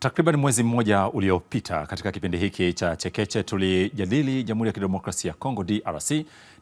Takriban mwezi mmoja uliopita katika kipindi hiki cha Chekeche tulijadili Jamhuri ya Kidemokrasia ya Kongo DRC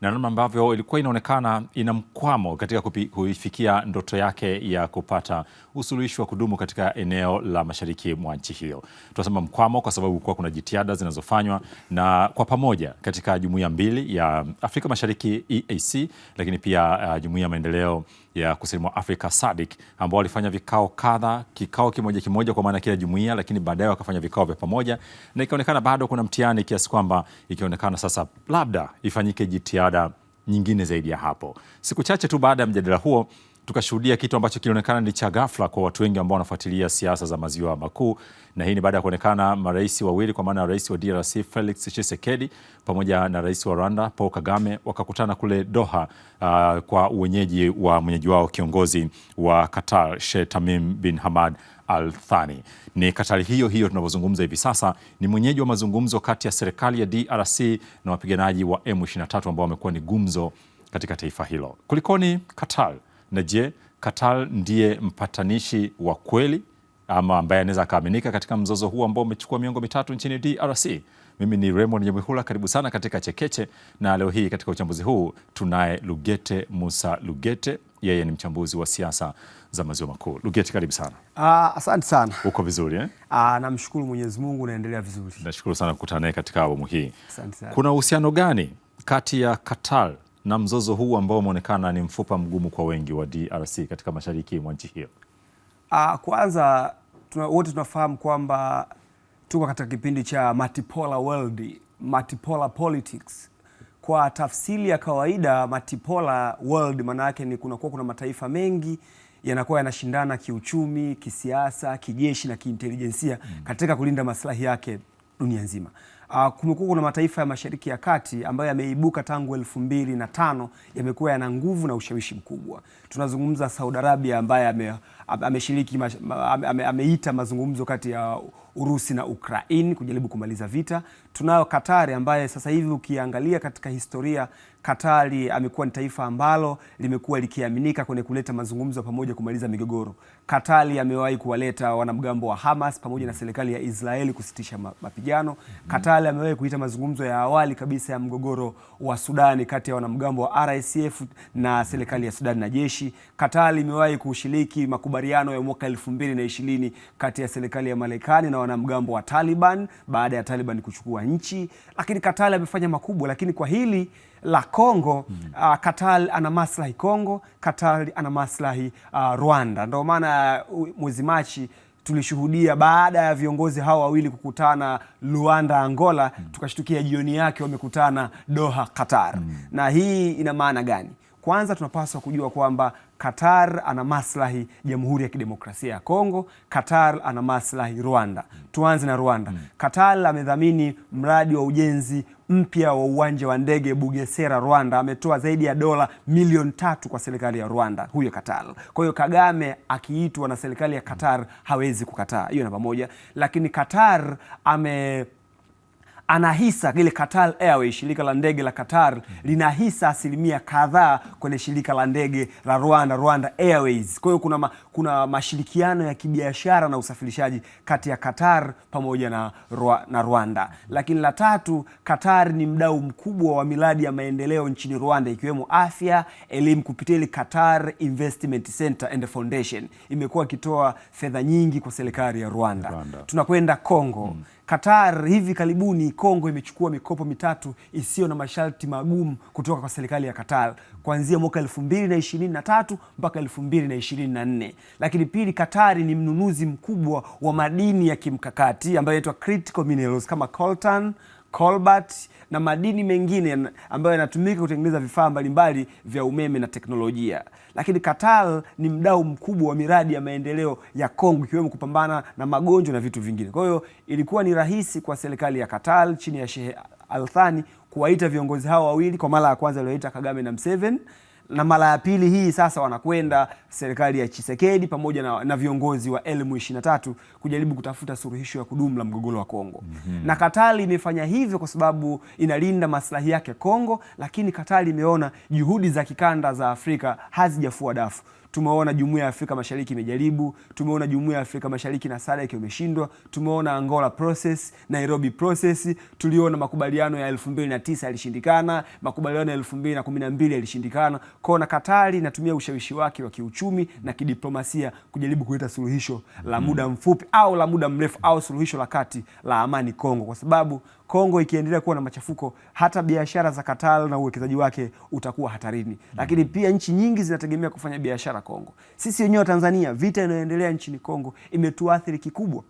na namna ambavyo ilikuwa inaonekana ina mkwamo katika kuifikia ndoto yake ya kupata usuluhishi wa kudumu katika eneo la mashariki mwa nchi hiyo. Tunasema mkwamo kwa sababu kuwa kuna jitihada zinazofanywa na kwa pamoja katika jumuiya mbili ya Afrika Mashariki EAC, lakini pia uh, jumuiya ya maendeleo ya Kusini mwa Afrika SADC ambao walifanya vikao kadha, kikao kimoja kimoja kwa maana kila jumuiya, lakini baadaye wakafanya vikao vya pamoja, na ikaonekana bado kuna mtihani kiasi kwamba ikionekana sasa labda ifanyike jitihada nyingine zaidi ya hapo. Siku chache tu baada ya mjadala huo tukashuhudia kitu ambacho kilionekana ni cha ghafla kwa watu wengi ambao wanafuatilia siasa za maziwa makuu, na hii ni baada ya kuonekana marais wawili kwa maana rais wa DRC Felix Tshisekedi pamoja na rais wa Rwanda Paul Kagame wakakutana kule Doha, uh, kwa uwenyeji wa mwenyeji wao kiongozi wa Qatar Sheikh Tamim bin Hamad Al Thani. Ni Katari hiyo hiyo tunavyozungumza hivi sasa, ni mwenyeji wa mazungumzo kati ya serikali ya DRC na wapiganaji wa M23 ambao wamekuwa ni gumzo katika taifa hilo. Kulikoni Qatar? na je, Qatar ndiye mpatanishi wa kweli ama ambaye anaweza akaaminika katika mzozo huu ambao umechukua miongo mitatu nchini DRC? Mimi ni Raymond Nyamwihula, karibu sana katika Chekeche, na leo hii katika uchambuzi huu tunaye Lugete Musa Lugete, yeye ni mchambuzi wa siasa za maziwa makuu. Lugete, karibu sana. Uh, asante sana. Uko vizuri eh? Uh, namshukuru Mwenyezi Mungu, naendelea vizuri. Nashukuru sana kukutana naye katika awamu hii. Asante sana. Kuna uhusiano gani kati ya Qatar na mzozo huu ambao umeonekana ni mfupa mgumu kwa wengi wa DRC katika mashariki mwa nchi hiyo? Ah, kwanza tuna, wote tunafahamu kwamba tuko katika kipindi cha multipolar world, multipolar politics. Kwa tafsiri ya kawaida multipolar world maana yake ni kunakuwa kuna mataifa mengi yanakuwa yanashindana kiuchumi, kisiasa, kijeshi na kiintelijensia mm. katika kulinda maslahi yake dunia nzima. Uh, kumekuwa kuna mataifa ya Mashariki ya Kati ambayo yameibuka tangu elfu mbili na tano yamekuwa yana nguvu na ushawishi mkubwa. Tunazungumza Saudi Arabia ambaye ame ameshiriki ame, ameita mazungumzo kati ya Urusi na Ukraine kujaribu kumaliza vita. Tunayo Katari ambaye sasa hivi ukiangalia katika historia, Katari amekuwa ni taifa ambalo limekuwa likiaminika kwenye kuleta mazungumzo pamoja kumaliza migogoro. Katari amewahi kuwaleta wanamgambo wa Hamas pamoja na serikali ya Israeli kusitisha mapigano. Mm-hmm. Katari amewahi kuita mazungumzo ya awali kabisa ya mgogoro wa Sudani kati ya wanamgambo wa RSF na serikali ya Sudani na jeshi. Katari imewahi kushiriki makubaliano makubaliano ya mwaka 2020 kati ya serikali ya Marekani na wanamgambo wa Taliban baada ya Taliban kuchukua nchi, lakini Qatar amefanya makubwa, lakini kwa hili la Kongo mm -hmm. uh, Qatar ana maslahi Kongo, Qatar ana maslahi uh, Rwanda. Ndio maana uh, mwezi Machi tulishuhudia baada ya viongozi hao wawili kukutana Luanda, Angola mm -hmm. tukashtukia jioni yake wamekutana Doha, Qatar mm -hmm. na hii ina maana gani? Kwanza tunapaswa kujua kwamba Qatar ana maslahi Jamhuri ya Kidemokrasia ya Kongo, Qatar ana maslahi Rwanda. Tuanze na Rwanda. Mm. Qatar amedhamini mradi wa ujenzi mpya wa uwanja wa ndege Bugesera, Rwanda. Ametoa zaidi ya dola milioni tatu kwa serikali ya Rwanda, huyo Qatar. Kwa hiyo Kagame akiitwa na serikali ya Qatar hawezi kukataa, hiyo namba moja. Lakini Qatar ame ana hisa Qatar Airways, shirika la ndege la Qatar lina hisa asilimia kadhaa kwenye shirika la ndege la Rwanda, Rwanda Airways. Kwa hiyo kuna, ma, kuna mashirikiano ya kibiashara na usafirishaji kati ya Qatar pamoja na, na Rwanda. Lakini la tatu, Qatar ni mdau mkubwa wa miradi ya maendeleo nchini Rwanda ikiwemo afya, elimu kupitia ile Qatar Investment Center and Foundation imekuwa ikitoa fedha nyingi kwa serikali ya Rwanda, Rwanda. Tunakwenda Kongo mm. Qatar hivi karibuni Kongo imechukua mikopo mitatu isiyo na masharti magumu kutoka kwa serikali ya Qatar kuanzia mwaka 2023 mpaka 2024 lakini pili, Katari ni mnunuzi mkubwa wa madini ya kimkakati ambayo inaitwa critical minerals kama coltan, cobalt na madini mengine ambayo yanatumika kutengeneza vifaa mbalimbali vya umeme na teknolojia. Lakini Qatar ni mdau mkubwa wa miradi ya maendeleo ya Kongo ikiwemo kupambana na magonjwa na vitu vingine. Kwa hiyo ilikuwa ni rahisi kwa serikali ya Qatar chini ya Shehe Althani kuwaita viongozi hao wawili kwa mara ya kwanza, aliwaita Kagame na Museveni na mara ya pili hii sasa wanakwenda serikali ya Chisekedi pamoja na, na viongozi wa M23 kujaribu kutafuta suluhisho ya kudumu la mgogoro wa Kongo. mm -hmm. Na Katari imefanya hivyo kwa sababu inalinda maslahi yake Kongo, lakini Katari imeona juhudi za kikanda za Afrika hazijafua dafu. Tumeona jumuiya ya Afrika Mashariki imejaribu, tumeona jumuiya ya Afrika Mashariki na SADC imeshindwa, tumeona Angola process, Nairobi process, tuliona makubaliano ya 2009 yalishindikana, makubaliano ya 2012 yalishindikana. Kwao na Katari inatumia ushawishi wake wa kiuchumi na kidiplomasia kujaribu kuleta suluhisho la mm-hmm. muda mfupi au la muda mrefu au suluhisho la kati la amani Kongo, kwa sababu Kongo ikiendelea kuwa na machafuko, hata biashara za Katal na uwekezaji wake utakuwa hatarini. mm -hmm. Lakini pia nchi nyingi zinategemea kufanya biashara Kongo. Sisi wenyewe Tanzania, vita inayoendelea nchini Kongo imetuathiri kikubwa.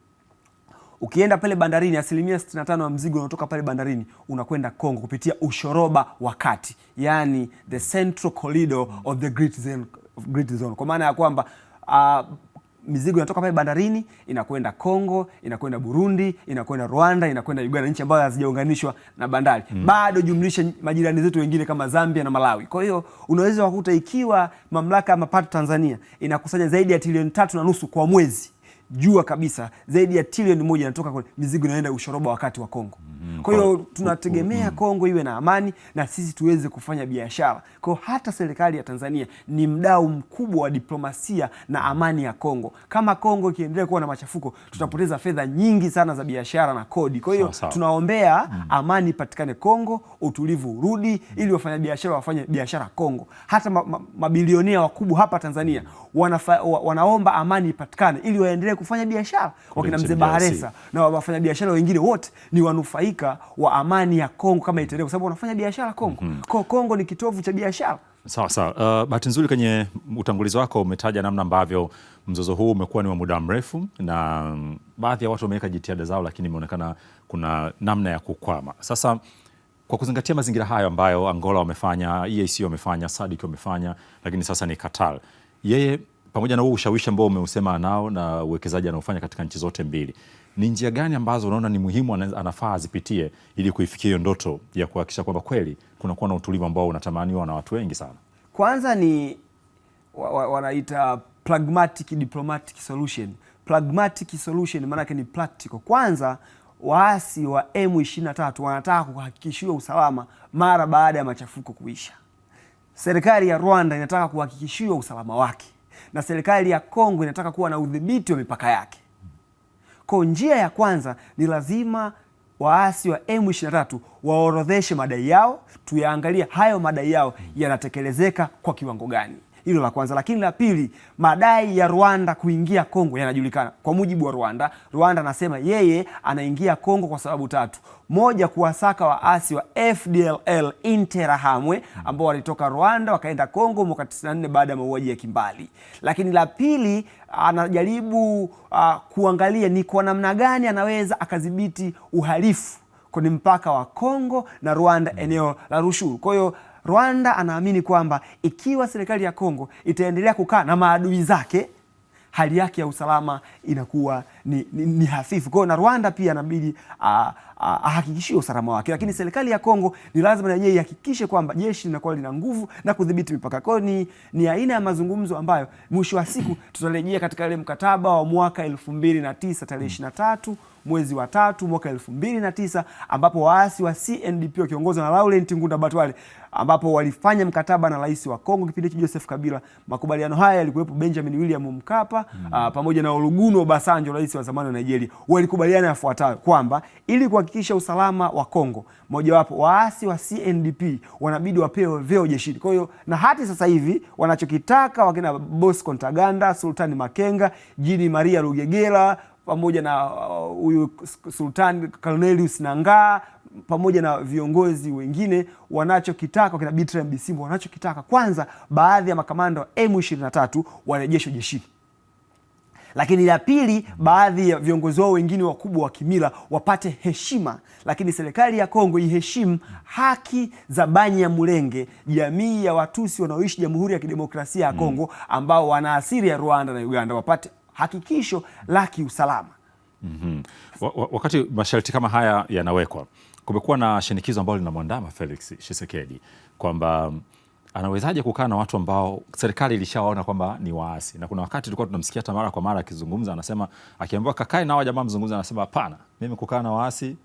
Ukienda pale bandarini, asilimia 65 ya mzigo unaotoka pale bandarini unakwenda Kongo kupitia ushoroba wa kati, yani the central corridor of the Great Zone, Great Zone, kwa maana ya kwamba uh, mizigo inatoka pale bandarini inakwenda Kongo, inakwenda Burundi, inakwenda Rwanda, inakwenda Uganda, nchi ambazo hazijaunganishwa na bandari mm. Bado jumlisha majirani zetu wengine kama Zambia na Malawi. Kwa hiyo unaweza kukuta ikiwa mamlaka ya mapato Tanzania inakusanya zaidi ya trilioni tatu na nusu kwa mwezi jua kabisa zaidi ya trilioni moja inatoka kwa mizigo inaenda ushoroba wakati wa Kongo. Mm-hmm. kwa hiyo tunategemea mm-hmm. Kongo iwe na amani na sisi tuweze kufanya biashara. Kwa hiyo hata serikali ya Tanzania ni mdau mkubwa wa diplomasia na amani ya Kongo. Kama Kongo ikiendelea kuwa na machafuko, tutapoteza fedha nyingi sana za biashara na kodi. Kwa hiyo tunaombea mm. amani ipatikane Kongo, utulivu urudi mm. ili wafanyabiashara wafanye biashara Kongo. Hata mabilionea ma, ma, wakubwa hapa Tanzania mm. wanafa, wa, wanaomba amani ipatikane ili waendelee kufanya biashara. Wakina mzee Baharesa na biashara wengine wote ni wanufaika wa amani ya Kongo kama itaendelea, kwa sababu wanafanya biashara Kongo. mm -hmm. Kwa Kongo ni kitovu cha biashara. Sawa sawa. Uh, bahati nzuri kwenye utangulizi wako umetaja namna ambavyo mzozo huu umekuwa ni wa muda mrefu na baadhi ya watu wameweka jitihada zao, lakini imeonekana kuna namna ya kukwama. Sasa kwa kuzingatia mazingira hayo ambayo Angola wamefanya, EAC wamefanya, SADC wamefanya, lakini sasa ni Qatar, yeye pamoja na huo ushawishi ambao umeusema nao na uwekezaji anaofanya katika nchi zote mbili, ni njia gani ambazo unaona ni muhimu anafaa azipitie ili kuifikia hiyo ndoto ya kuhakikisha kwamba kweli kunakuwa na utulivu ambao unatamaniwa na watu wengi sana? Kwanza ni wa, wa, wanaita pragmatic diplomatic solution. Pragmatic solution yake ni practical. Kwanza waasi wa M23 wanataka kuhakikishiwa usalama mara baada ya machafuko kuisha. Serikali ya Rwanda inataka kuhakikishiwa usalama wake na serikali ya Kongo inataka kuwa na udhibiti wa mipaka yake. Kwa njia ya kwanza ni lazima waasi wa M23 waorodheshe madai yao, tuyaangalia hayo madai yao yanatekelezeka kwa kiwango gani. Hilo la kwanza, lakini la pili, madai ya Rwanda kuingia Kongo yanajulikana. Kwa mujibu wa Rwanda, Rwanda anasema yeye anaingia Kongo kwa sababu tatu: moja, kuwasaka waasi wa fdll Interahamwe ambao walitoka Rwanda wakaenda Kongo mwaka 94 baada ya mauaji ya kimbali, lakini la pili anajaribu uh, kuangalia ni kwa namna gani anaweza akadhibiti uhalifu kwenye mpaka wa Kongo na Rwanda, eneo la Rushuru. Kwa hiyo Rwanda anaamini kwamba ikiwa serikali ya Kongo itaendelea kukaa na maadui zake, hali yake ya usalama inakuwa ni, ni, ni hafifu. Kwa hiyo na Rwanda pia inabidi ahakikishie usalama wake, lakini serikali ya Kongo ni lazima yeye ihakikishe kwamba jeshi linakuwa lina nguvu na kudhibiti mipaka. Kwa hiyo ni, ni aina ya mazungumzo ambayo mwisho wa siku tutarejea katika ile mkataba wa mwaka elfu mbili na tisa tarehe ishirini na tatu mwezi wa tatu mwaka elfu mbili na tisa ambapo waasi wa CNDP wakiongozwa na Laurent Ngunda Batwale ambapo walifanya mkataba na rais wa Kongo kipindi hicho Joseph Kabila. Makubaliano haya yalikuwepo Benjamin William Mkapa mm, uh, pamoja na Oluguno Obasanjo rais wa zamani wa Nigeria walikubaliana yafuatayo kwamba ili kuhakikisha usalama wa Kongo, mojawapo waasi wa CNDP wanabidi wapewe vyeo jeshini. Kwa hiyo na hati sasa hivi wanachokitaka wakina Bosco Ntaganda, Sultani Makenga, Jini Maria Rugegera pamoja na uh, huyu uh, Sultani Cornelius Nangaa pamoja na viongozi wengine wanachokitaka kina Bertrand Bisimbo, wanachokitaka kwanza, baadhi ya makamanda wa M23 warejeshwe jeshini. Lakini la pili, baadhi ya viongozi wao wengine wakubwa wa kimila wapate heshima, lakini serikali ya Kongo iheshimu haki za Banyamulenge, jamii ya Watusi wanaoishi Jamhuri ya Kidemokrasia ya mm. Kongo ambao wana asili ya Rwanda na Uganda, wapate hakikisho la kiusalama. Mm -hmm. Wakati masharti kama haya yanawekwa, kumekuwa na shinikizo ambalo linamwandama Felix Tshisekedi kwamba anawezaje kukaa na watu ambao serikali ilishawaona kwamba ni waasi? Na kuna wakati tulikuwa tunamsikia hata mara kwa mara akizungumza, anasema akiambiwa kakae na jamaa mzungumza, anasema hapana, mimi kukaa na waasi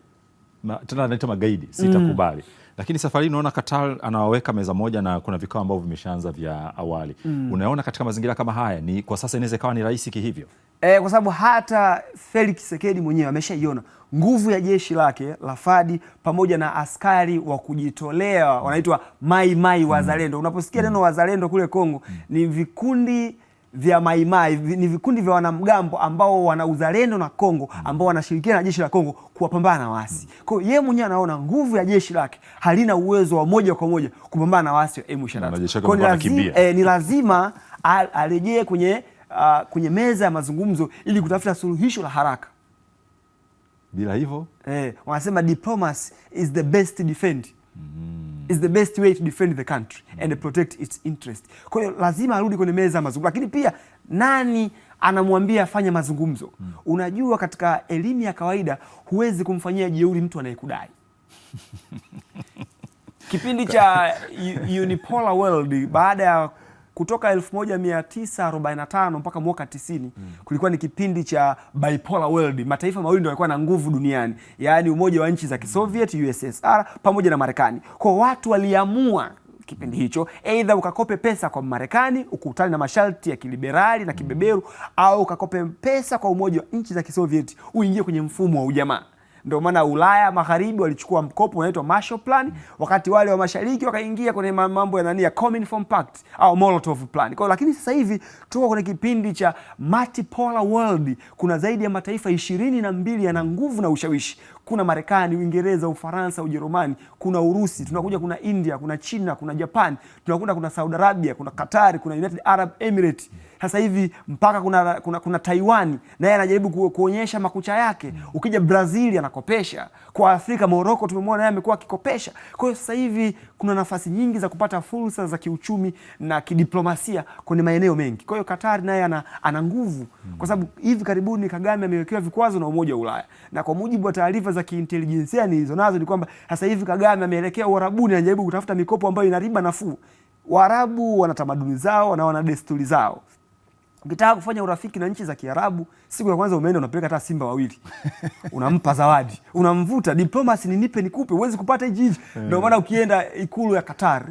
ma, tena anaita magaidi sitakubali. mm. Lakini safari hii unaona Qatar anawaweka meza moja na kuna vikao ambavyo vimeshaanza vya awali. mm. Unaona katika mazingira kama haya ni kwa sasa inaweza ikawa ni rahisi kihivyo e, kwa sababu hata Felix Tshisekedi mwenyewe ameshaiona nguvu ya jeshi lake la FARDC pamoja na askari wa kujitolea wanaitwa maimai wazalendo. Hmm. Unaposikia neno hmm. wazalendo kule Kongo, hmm. ni vikundi vya Mai, ni vikundi vya wanamgambo ambao wana uzalendo na Kongo, ambao wanashirikiana na jeshi la Kongo kuwapambana na waasi. Kwa hiyo yeye mwenyewe anaona nguvu ya jeshi lake halina uwezo wa moja kwa moja kupambana na waasi wa M23. Kwa hiyo ni lazima eh, arejee kwenye uh, kwenye meza ya mazungumzo ili kutafuta suluhisho la haraka. Bila hivyo eh, wanasema diplomacy is the best defend mm. is the best way to defend the country mm. and protect its interest. Kwa hiyo lazima arudi kwenye meza ya mazungumzo, lakini pia nani anamwambia afanye mazungumzo mm. Unajua, katika elimu ya kawaida huwezi kumfanyia jeuri mtu anayekudai kipindi cha Unipolar World baada ya kutoka 1945 mpaka mwaka 90 mm. kulikuwa ni kipindi cha bipolar world. Mataifa mawili ndio yalikuwa na nguvu duniani, yaani umoja wa nchi za hmm. Kisoviet USSR pamoja na Marekani. Kwa watu waliamua kipindi hicho aidha ukakope pesa kwa Marekani ukutane na masharti ya kiliberali na kibeberu, hmm. au ukakope pesa kwa umoja wa nchi za Kisovieti uingie kwenye mfumo wa ujamaa. Ndio maana Ulaya magharibi walichukua mkopo unaitwa Marshall Plan, wakati wale wa mashariki wakaingia kwenye mambo ya nani ya Comintern Pact au Molotov Plan. Kwa lakini sasa hivi tuko kwenye kipindi cha multipolar world, kuna zaidi ya mataifa ishirini na mbili yana nguvu na ushawishi kuna Marekani, Uingereza, Ufaransa, Ujerumani, kuna Urusi, tunakuja kuna India, kuna China, kuna Japan, tunakuja kuna Saudi Arabia, kuna Katari, kuna United Arab emirate sasa hivi mpaka kuna, kuna, kuna Taiwani naye anajaribu kuonyesha makucha yake. Ukija Brazil anakopesha kwa Afrika, Moroko tumemwona amekuwa akikopesha. Kwa hiyo sasa hivi kuna nafasi nyingi za kupata fursa za kiuchumi na kidiplomasia kwenye maeneo mengi. Kwa hiyo Katari naye ana, ana nguvu kwa sababu hivi karibuni Kagame amewekewa vikwazo na Umoja wa Ulaya, na kwa mujibu wa taarifa za kiintelijensia nazo ni kwamba sasa hivi Kagame ameelekea Uarabuni, anajaribu kutafuta mikopo ambayo ina riba nafuu. Waarabu wana tamaduni zao na wana desturi zao Ukitaka kufanya urafiki na nchi za Kiarabu, siku ya kwanza umeenda unapeleka hata simba wawili. Unampa zawadi, unamvuta diplomasi, ni nipe nikupe, uwezi kupata hivi hivi. Eh. Ndio maana ukienda ikulu ya Qatar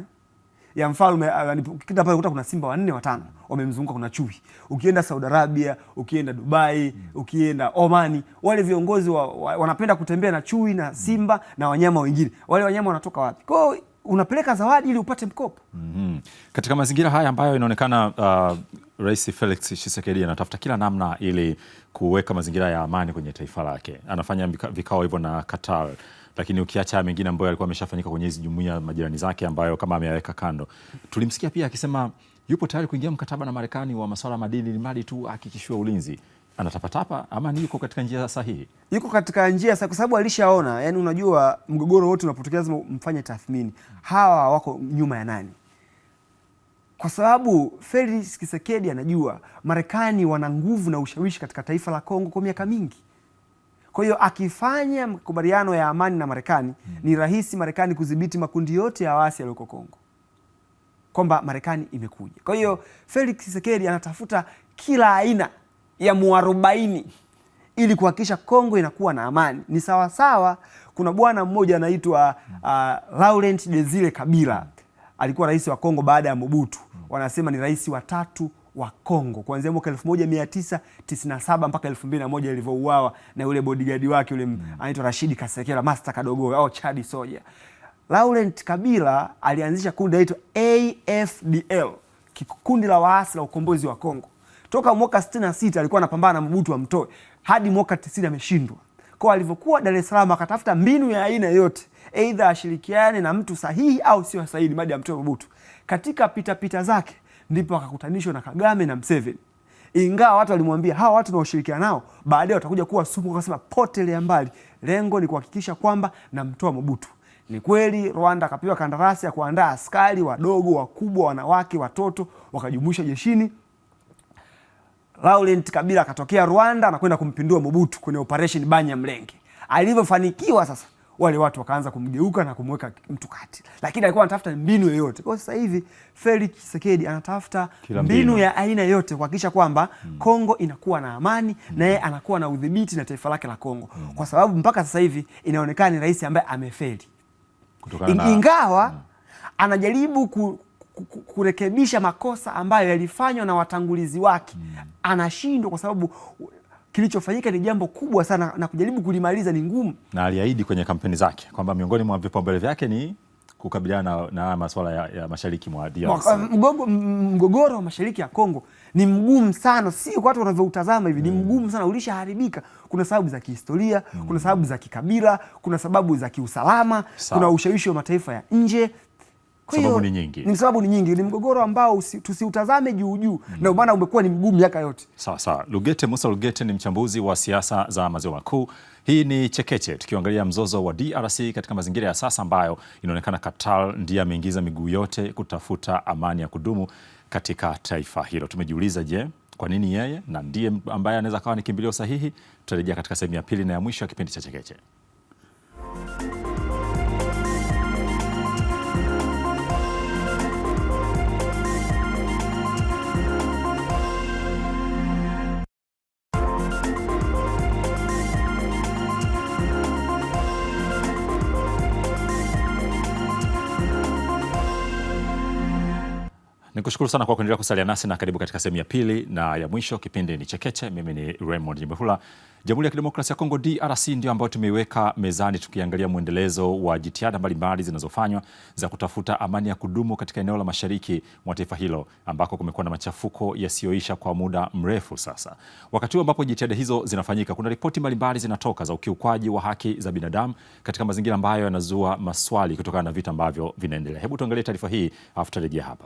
ya mfalme ah, kila pale ukuta kuna simba wanne watano wamemzunguka, kuna chui. Ukienda Saudi Arabia, ukienda Dubai, hmm. ukienda Omani, wale viongozi wa, wa, wanapenda kutembea na chui na simba na wanyama wengine. Wale wanyama wanatoka wapi? Kwa unapeleka zawadi ili upate mkopo. mm -hmm. Katika mazingira haya ambayo inaonekana uh, Rais Felix Tshisekedi anatafuta kila namna ili kuweka mazingira ya amani kwenye taifa lake, anafanya vikao hivyo na Qatar, lakini ukiacha haya mengine ambayo alikuwa ameshafanyika kwenye hizi jumuiya majirani zake ambayo kama ameyaweka kando, tulimsikia pia akisema yupo tayari kuingia mkataba na Marekani wa masuala madini, ni mradi tu hakikishiwa ulinzi anatapatapa ama ni yuko katika njia sahihi? Yuko katika njia sahihi kwa sababu alishaona. Yani unajua mgogoro wote unapotokea lazima mfanye tathmini, hawa wako nyuma ya nani? Kwa sababu Felix Tshisekedi anajua Marekani wana nguvu na ushawishi katika taifa la Kongo kwa miaka mingi. Kwa hiyo akifanya makubaliano ya amani na Marekani hmm, ni rahisi Marekani kudhibiti makundi yote ya waasi yaliyoko Kongo, kwamba Marekani imekuja. Kwa hiyo Felix Tshisekedi anatafuta kila aina ya mwarobaini ili kuhakikisha Kongo inakuwa na amani. Ni sawasawa, kuna bwana mmoja anaitwa uh, Laurent Desire Kabila alikuwa rais wa Kongo baada ya Mobutu, wanasema ni rais wa tatu wa Kongo kuanzia mwaka 1997 mpaka 2001 ilivyouawa na yule bodyguard wake yule anaitwa Rashidi Kasekela Master Kadogo au oh, Chadi Soja. Laurent Kabila alianzisha kundi linaloitwa AFDL, kikundi la waasi la ukombozi wa Kongo toka mwaka 66 alikuwa anapambana na Mobutu amtoe hadi mwaka 90 ameshindwa. Kwa alivyokuwa Dar es Salaam akatafuta mbinu ya aina yote, aidha ashirikiane na mtu sahihi au sio sahihi, baada ya mtoe Mobutu. Katika pita pita zake ndipo akakutanishwa na Kagame na Museveni, ingawa watu walimwambia hawa watu naoshirikiana nao baadaye watakuja kuwa sumu, akasema potelea mbali, lengo ni kuhakikisha kwamba namtoa Mobutu. Ni kweli Rwanda akapewa kandarasi ya kuandaa askari wadogo, wakubwa, wanawake, watoto wakajumuisha jeshini Laurent Kabila akatokea Rwanda na kwenda kumpindua Mobutu kwenye operation mlenge Alivyofanikiwa sasa wale watu wakaanza kumgeuka na kumweka mtu kati, lakini alikuwa anatafuta mbinu yoyote. Kwa sasa hivi Felix Tshisekedi anatafuta mbinu, mbinu ya aina yoyote kuhakikisha kwamba mm. Kongo inakuwa na amani mm. na yeye anakuwa na udhibiti na taifa lake la Kongo mm. kwa sababu mpaka sasa hivi inaonekana ni rais ambaye amefeli, ingawa mm. anajaribu ku, kurekebisha makosa ambayo yalifanywa na watangulizi wake mm. Anashindwa kwa sababu kilichofanyika ni jambo kubwa sana na kujaribu kulimaliza ni ngumu, na aliahidi kwenye kampeni zake kwamba miongoni mwa vipaumbele vyake ni kukabiliana na, na masuala ya, ya mashariki mwa DRC. Mgogoro wa mashariki ya Kongo ni mgumu sana, si kwa watu wanavyoutazama hivi mm. Ni hmm. mgumu sana, ulishaharibika. Kuna sababu za kihistoria mm. Kuna hmm. sababu za kikabila, kuna sababu za kiusalama, kuna ushawishi wa mataifa ya nje kwa sababu ni nyingi, ni sababu ni nyingi, ni mgogoro ambao tusiutazame juu juu mm. na maana umekuwa ni mgumu miaka yote. Sawa sawa. Lugete Musa Lugete ni mchambuzi wa siasa za maziwa makuu. Hii ni Chekeche tukiangalia mzozo wa DRC katika mazingira ya sasa ambayo inaonekana Qatar ndiye ameingiza miguu yote kutafuta amani ya kudumu katika taifa hilo. Tumejiuliza, je, kwa nini yeye na ndiye ambaye anaweza kawa ni kimbilio sahihi? Tutarejea katika sehemu ya pili na ya mwisho ya kipindi cha Chekeche. kushukuru sana kwa kuendelea kusalia nasi na karibu katika sehemu ya pili na ya mwisho. Kipindi ni Chekeche, mimi ni Raymond Nyimbehula. Jamhuri ya Kidemokrasia ya Kongo DRC ndio ambayo tumeiweka mezani tukiangalia mwendelezo wa jitihada mbalimbali zinazofanywa za kutafuta amani ya kudumu katika eneo la mashariki mwa taifa hilo ambako kumekuwa na machafuko yasiyoisha kwa muda mrefu sasa. Wakati huu ambapo jitihada hizo zinafanyika, kuna ripoti mbalimbali zinatoka za ukiukwaji wa haki za binadamu katika mazingira ambayo yanazua maswali kutokana na vita ambavyo vinaendelea. Hebu tuangalie taarifa hii afu tarejea hapa.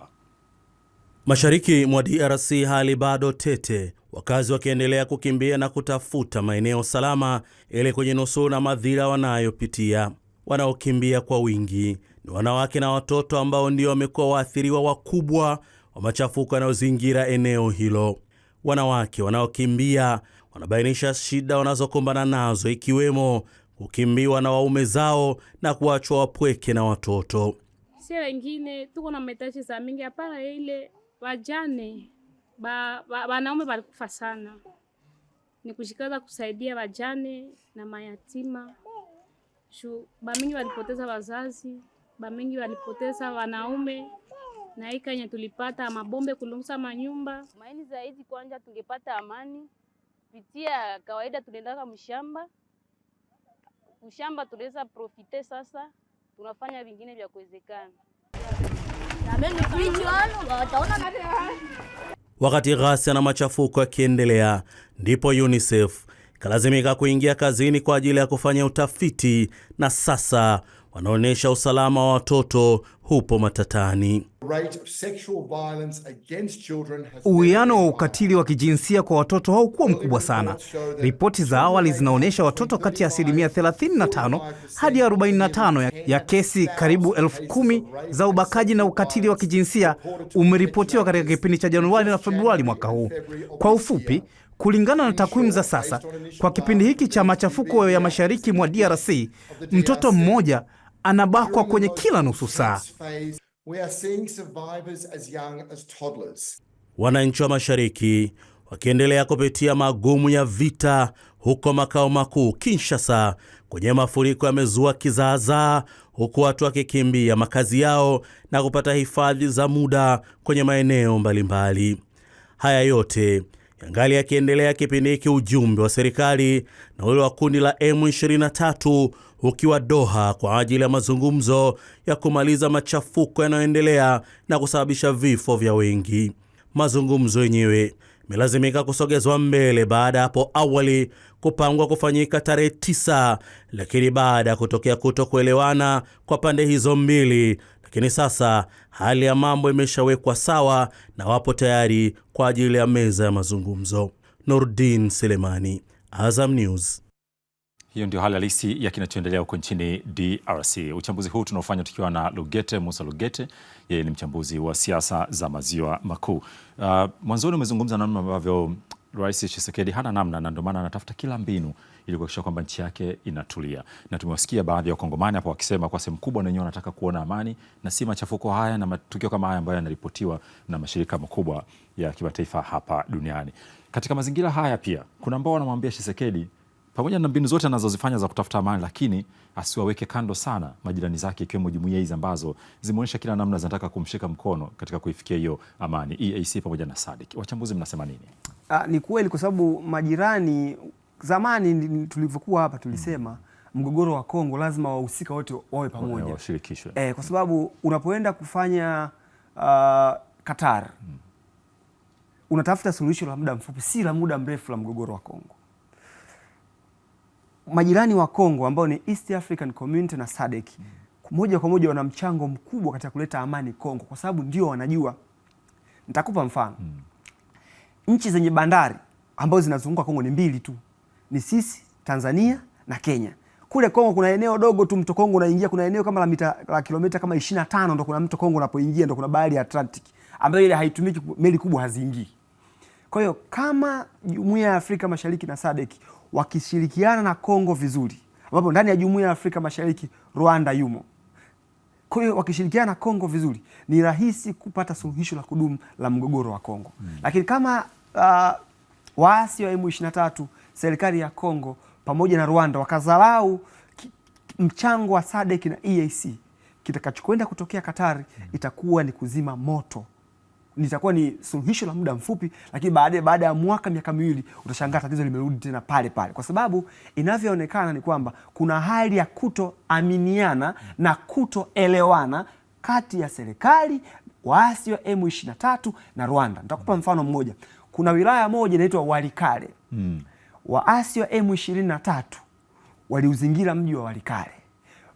Mashariki mwa DRC hali bado tete, wakazi wakiendelea kukimbia na kutafuta maeneo salama ili na madhira wanayopitia. Wanaokimbia kwa wingi ni wanawake na watoto ambao ndio wamekuwa waathiriwa wakubwa wa machafuko yanayozingira eneo hilo. Wanawake wanaokimbia wanabainisha shida wanazokumbana nazo, ikiwemo kukimbiwa na waume zao na kuachwa wapweke na watoto. Si wengine tuko na metaji za mingi hapana ile Wajane wanaume ba, walikufa sana, ni kushikaza kusaidia wajane na mayatima shu. Bamingi walipoteza wazazi, bamingi walipoteza wanaume na hii kanye tulipata mabombe kulungusa manyumba. maini zaidi kwanja tungepata amani pitia kawaida, tunaendaka mshamba mshamba, tunaweza profite sasa, tunafanya vingine vya kuwezekana. Wakati ghasia na machafuko yakiendelea, ndipo UNICEF ikalazimika kuingia kazini kwa ajili ya kufanya utafiti na sasa wanaonyesha usalama wa watoto hupo matatani. Uwiano wa ukatili wa kijinsia kwa watoto haukuwa mkubwa sana. Ripoti za awali zinaonyesha watoto kati ya asilimia 35 hadi 45 ya, ya kesi karibu elfu kumi za ubakaji na ukatili wa kijinsia umeripotiwa katika kipindi cha Januari na Februari mwaka huu. Kwa ufupi kulingana na takwimu za sasa, kwa kipindi hiki cha machafuko ya mashariki mwa DRC, mtoto mmoja anabakwa kwenye kila nusu saa. Wananchi wa mashariki wakiendelea kupitia magumu ya vita huko makao makuu Kinshasa, kwenye mafuriko yamezua kizaazaa, huku watu wakikimbia makazi yao na kupata hifadhi za muda kwenye maeneo mbalimbali. Haya yote yangali yakiendelea kipindi hiki, ujumbe wa serikali na ule wa kundi la M23 ukiwa Doha kwa ajili ya mazungumzo ya kumaliza machafuko yanayoendelea na kusababisha vifo vya wengi. Mazungumzo yenyewe imelazimika kusogezwa mbele baada ya hapo awali kupangwa kufanyika tarehe tisa, lakini baada ya kutokea kuto kuelewana kwa pande hizo mbili. Lakini sasa hali ya mambo imeshawekwa sawa na wapo tayari kwa ajili ya meza ya mazungumzo. Nurdin Selemani, Azam News. Hiyo ndio hali halisi ya kinachoendelea huko nchini DRC. Uchambuzi huu tunaofanya tukiwa na Lugete Musa Lugete, yeye ni mchambuzi wa siasa za maziwa makuu. Uh, mwanzoni umezungumza namna ambavyo Rais Tshisekedi hana namna na ndio maana anatafuta kila mbinu ili kuhakikisha kwamba nchi yake inatulia, na tumewasikia baadhi ya Wakongomani hapo wakisema kwa sehemu kubwa wenyewe wanataka kuona amani na si machafuko haya na matukio kama haya ambayo yanaripotiwa na mashirika makubwa ya kimataifa hapa duniani. Katika mazingira haya pia kuna ambao wanamwambia Tshisekedi pamoja na mbinu zote anazozifanya za kutafuta amani, lakini asiwaweke kando sana majirani zake, ikiwemo jumuiya hizi ambazo zimeonyesha kila namna zinataka kumshika mkono katika kuifikia hiyo amani, EAC pamoja na SADC. Wachambuzi mnasema nini? A, ah, ni kweli kwa sababu majirani, zamani tulivyokuwa hapa tulisema mm. Mgogoro wa Kongo lazima wahusika wote wawe pamoja, washirikishwe e, kwa sababu unapoenda kufanya uh, Qatar mm. unatafuta suluhisho la muda mfupi, si la muda mrefu la mgogoro wa Kongo majirani wa Kongo ambao ni East African Community na SADC mm. moja kwa moja wana mchango mkubwa katika kuleta amani Kongo, kwa sababu ndio wanajua. Nitakupa mfano hmm. Nchi zenye bandari ambazo zinazunguka Kongo ni mbili tu, ni sisi Tanzania na Kenya. Kule Kongo kuna eneo dogo tu mto Kongo unaingia, kuna eneo kama la mita la kilomita kama 25 ndo kuna mto Kongo unapoingia, ndo kuna bahari ya Atlantic ambayo ile haitumiki, meli kubwa haziingii. Kwa hiyo kama Jumuiya ya Afrika Mashariki na SADC wakishirikiana na Kongo vizuri, ambapo ndani ya Jumuiya ya Afrika Mashariki Rwanda yumo. Kwa hiyo wakishirikiana na Kongo vizuri, ni rahisi kupata suluhisho la kudumu la mgogoro wa Kongo hmm. Lakini kama uh, waasi wa M23 serikali ya Kongo pamoja na Rwanda wakadharau mchango wa SADC na EAC, kitakachokwenda kutokea Katari hmm. itakuwa ni kuzima moto litakuwa ni suluhisho la muda mfupi, lakini baada baada ya mwaka miaka miwili utashangaa tatizo limerudi tena pale pale, kwa sababu inavyoonekana ni kwamba kuna hali ya kutoaminiana na kutoelewana kati ya serikali, waasi wa M23 na Rwanda. Nitakupa mfano mmoja. Kuna wilaya moja inaitwa Walikale hmm. Waasi wa M23 waliuzingira mji wa Walikale,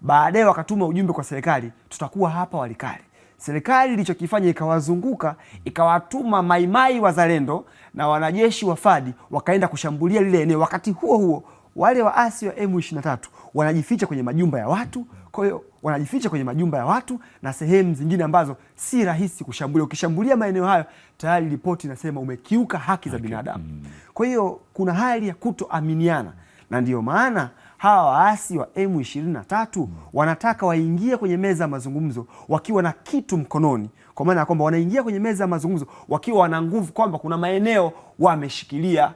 baadaye wakatuma ujumbe kwa serikali, tutakuwa hapa Walikale serikali ilichokifanya ikawazunguka, ikawatuma maimai wazalendo na wanajeshi wa Fadi wakaenda kushambulia lile eneo. Wakati huo huo wale waasi wa M23 wanajificha kwenye majumba ya watu, kwa hiyo wanajificha kwenye majumba ya watu na sehemu zingine ambazo si rahisi kushambulia. Ukishambulia maeneo hayo, tayari ripoti inasema umekiuka haki za binadamu. Mm. Kwa hiyo kuna hali ya kutoaminiana na ndiyo maana hawa waasi wa M23 wanataka waingie kwenye meza ya mazungumzo wakiwa na kitu mkononi, kwa maana ya kwamba wanaingia kwenye meza ya mazungumzo wakiwa wana nguvu, kwamba kuna maeneo wameshikilia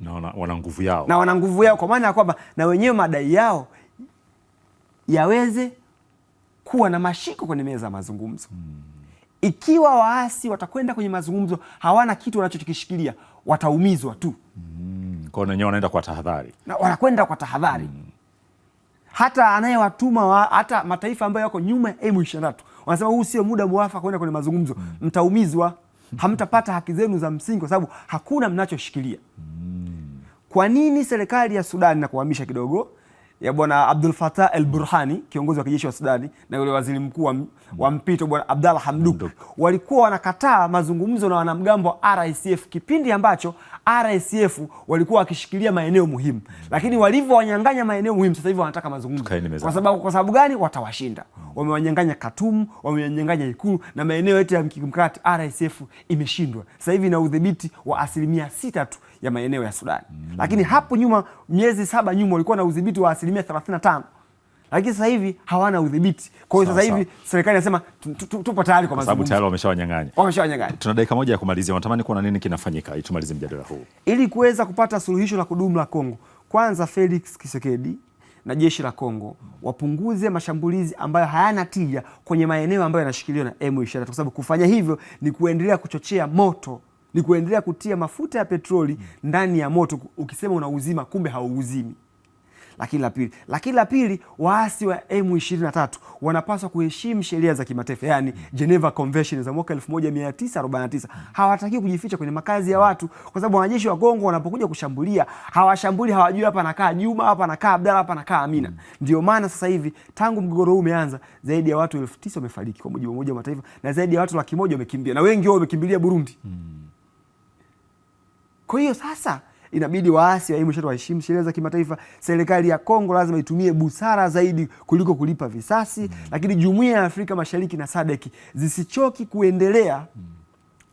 na wana nguvu yao, na wana nguvu yao, kwa maana ya kwamba na wenyewe madai yao yaweze kuwa na mashiko kwenye meza ya mazungumzo hmm. Ikiwa waasi watakwenda kwenye mazungumzo hawana kitu wanachokishikilia, wataumizwa tu hmm. Kwa hiyo wanaenda kwa tahadhari na wanakwenda kwa tahadhari mm. hata anayewatuma wa, hata mataifa ambayo yako nyuma ya M23 wanasema huu sio muda mwafaka kwenda kwenye mazungumzo mm. mtaumizwa, hamtapata haki zenu za msingi kwa sababu hakuna mnachoshikilia mm. kwa nini serikali ya Sudani nakuhamisha kuhamisha kidogo ya bwana Abdul fatah El Burhani, kiongozi wa kijeshi wa Sudani, na yule waziri mkuu wa mpito bwana Abdalla hamduk walikuwa wanakataa mazungumzo na wanamgambo wa RSF kipindi ambacho RSF walikuwa wakishikilia maeneo muhimu, lakini walivyowanyang'anya maeneo muhimu, sasa hivi wanataka mazungumzo. Kwa sababu kwa sababu gani? Watawashinda. Wamewanyang'anya Katumu, wamewanyang'anya Ikulu na maeneo yote ya kimkakati. RSF imeshindwa sasa hivi na udhibiti wa asilimia sita tu ya maeneo ya Sudan mm. Lakini hapo nyuma, miezi saba nyuma, walikuwa na udhibiti wa asilimia 35 lakini sasa hivi hawana udhibiti. Kwa hiyo sasa hivi serikali inasema tupo tayari kwa mazungumzo, sababu tayari wameshawanyang'anya, wameshawanyang'anya. Tuna dakika moja ya kumalizia, wanatamani kuona nini kinafanyika ili tumalize mjadala huu, ili kuweza kupata suluhisho la kudumu la Kongo. Kwanza Felix Tshisekedi na jeshi la Kongo wapunguze mashambulizi ambayo hayana tija kwenye maeneo ambayo yanashikiliwa na M23 kwa sababu kufanya hivyo ni kuendelea kuchochea moto ni kuendelea kutia mafuta ya petroli mm. ndani ya moto, ukisema una uzima kumbe hauuzimi. Lakini la pili, lakini la pili, waasi wa M23 wanapaswa kuheshimu sheria za kimataifa, yani Geneva Convention za mwaka 1949. Hawatakiwi kujificha kwenye makazi ya watu, kwa sababu wanajeshi wa Kongo wanapokuja kushambulia hawashambuli, hawajui hapa nakaa Juma, hapa nakaa Abdalla, hapa nakaa Amina. Ndio maana sasa hivi tangu mgogoro huu umeanza, zaidi ya watu elfu wamefariki kwa mujibu wa Umoja wa Mataifa na zaidi ya watu laki moja wamekimbia na wengi wao wamekimbilia Burundi. hmm. Kwa hiyo sasa inabidi waasi wa M23 waheshimu sheria za kimataifa. Serikali ya Kongo lazima itumie busara zaidi kuliko kulipa visasi mm. Lakini jumuiya ya Afrika Mashariki na SADC zisichoki kuendelea mm.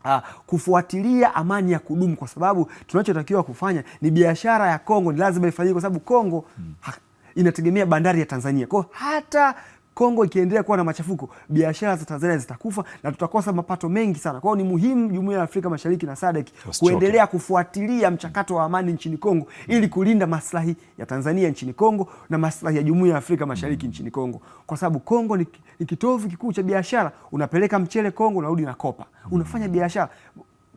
Uh, kufuatilia amani ya kudumu kwa sababu tunachotakiwa kufanya ni biashara ya Kongo ni lazima ifanyike kwa sababu Kongo mm. ha, inategemea bandari ya Tanzania. kwao hata Kongo ikiendelea kuwa na machafuko, biashara za Tanzania zitakufa na tutakosa mapato mengi sana. Kwa hiyo ni muhimu Jumuiya ya Afrika Mashariki na SADC kuendelea kufuatilia mchakato wa amani nchini Kongo ili kulinda maslahi ya Tanzania nchini Kongo na maslahi ya Jumuiya ya Afrika Mashariki mm. nchini Kongo, kwa sababu Kongo ni, ni kitovu kikuu cha biashara. Unapeleka mchele Kongo, unarudi na kopa, mm. unafanya biashara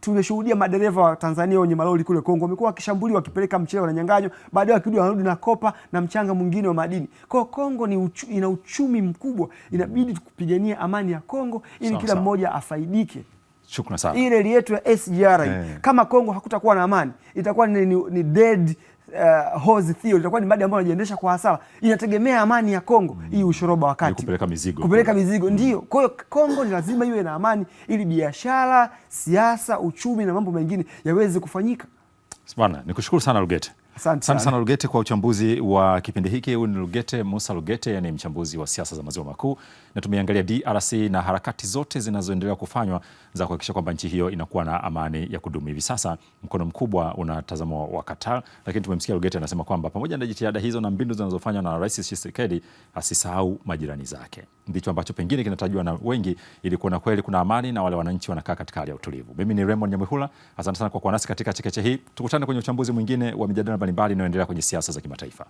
tumeshuhudia madereva wa Tanzania wenye malori kule Kongo wamekuwa wakishambuliwa, wakipeleka mchele nyanganyo baadaye wakirudi wanarudi na kopa na mchanga mwingine wa madini. Kwa Kongo ni uchu, ina uchumi mkubwa, inabidi kupigania amani ya Kongo ili kila mmoja afaidike. Shukrani sana. Ile reli yetu ya SGR hey, eh. kama Kongo hakutakuwa na amani itakuwa ni, ni, ni dead uh, hozi theory itakuwa ni mada ambayo anajiendesha kwa hasara. Inategemea amani ya Kongo mm. hii ushoroba wakati kupeleka mizigo, kupeleka mm. mizigo mm. ndio. Kwa hiyo Kongo ni lazima iwe na amani ili biashara, siasa, uchumi na mambo mengine yaweze kufanyika. Bwana, nikushukuru sana lugete Asante sana Lugete kwa uchambuzi wa kipindi hiki. Huyu ni Lugete Musa Lugete, yani mchambuzi wa siasa za maziwa makuu, na tumeangalia DRC na harakati zote zinazoendelea kufanywa za kuhakikisha kwamba nchi hiyo inakuwa na amani ya kudumu. Hivi sasa mkono mkubwa unatazamwa wa Qatar, lakini tumemsikia Lugete anasema kwamba pamoja na jitihada hizo na mbinu zinazofanywa na Rais Tshisekedi, asisahau majirani zake. Ndicho ambacho pengine kinatarajiwa na wengi ili kuona kweli kuna amani na wale wananchi wanakaa katika hali ya utulivu. Mimi ni Raymond Nyamwihula, asante sana kwa kuwa nasi katika chekeche hii. Tukutane kwenye uchambuzi mwingine wa mijadala mbalimbali inayoendelea kwenye siasa za kimataifa?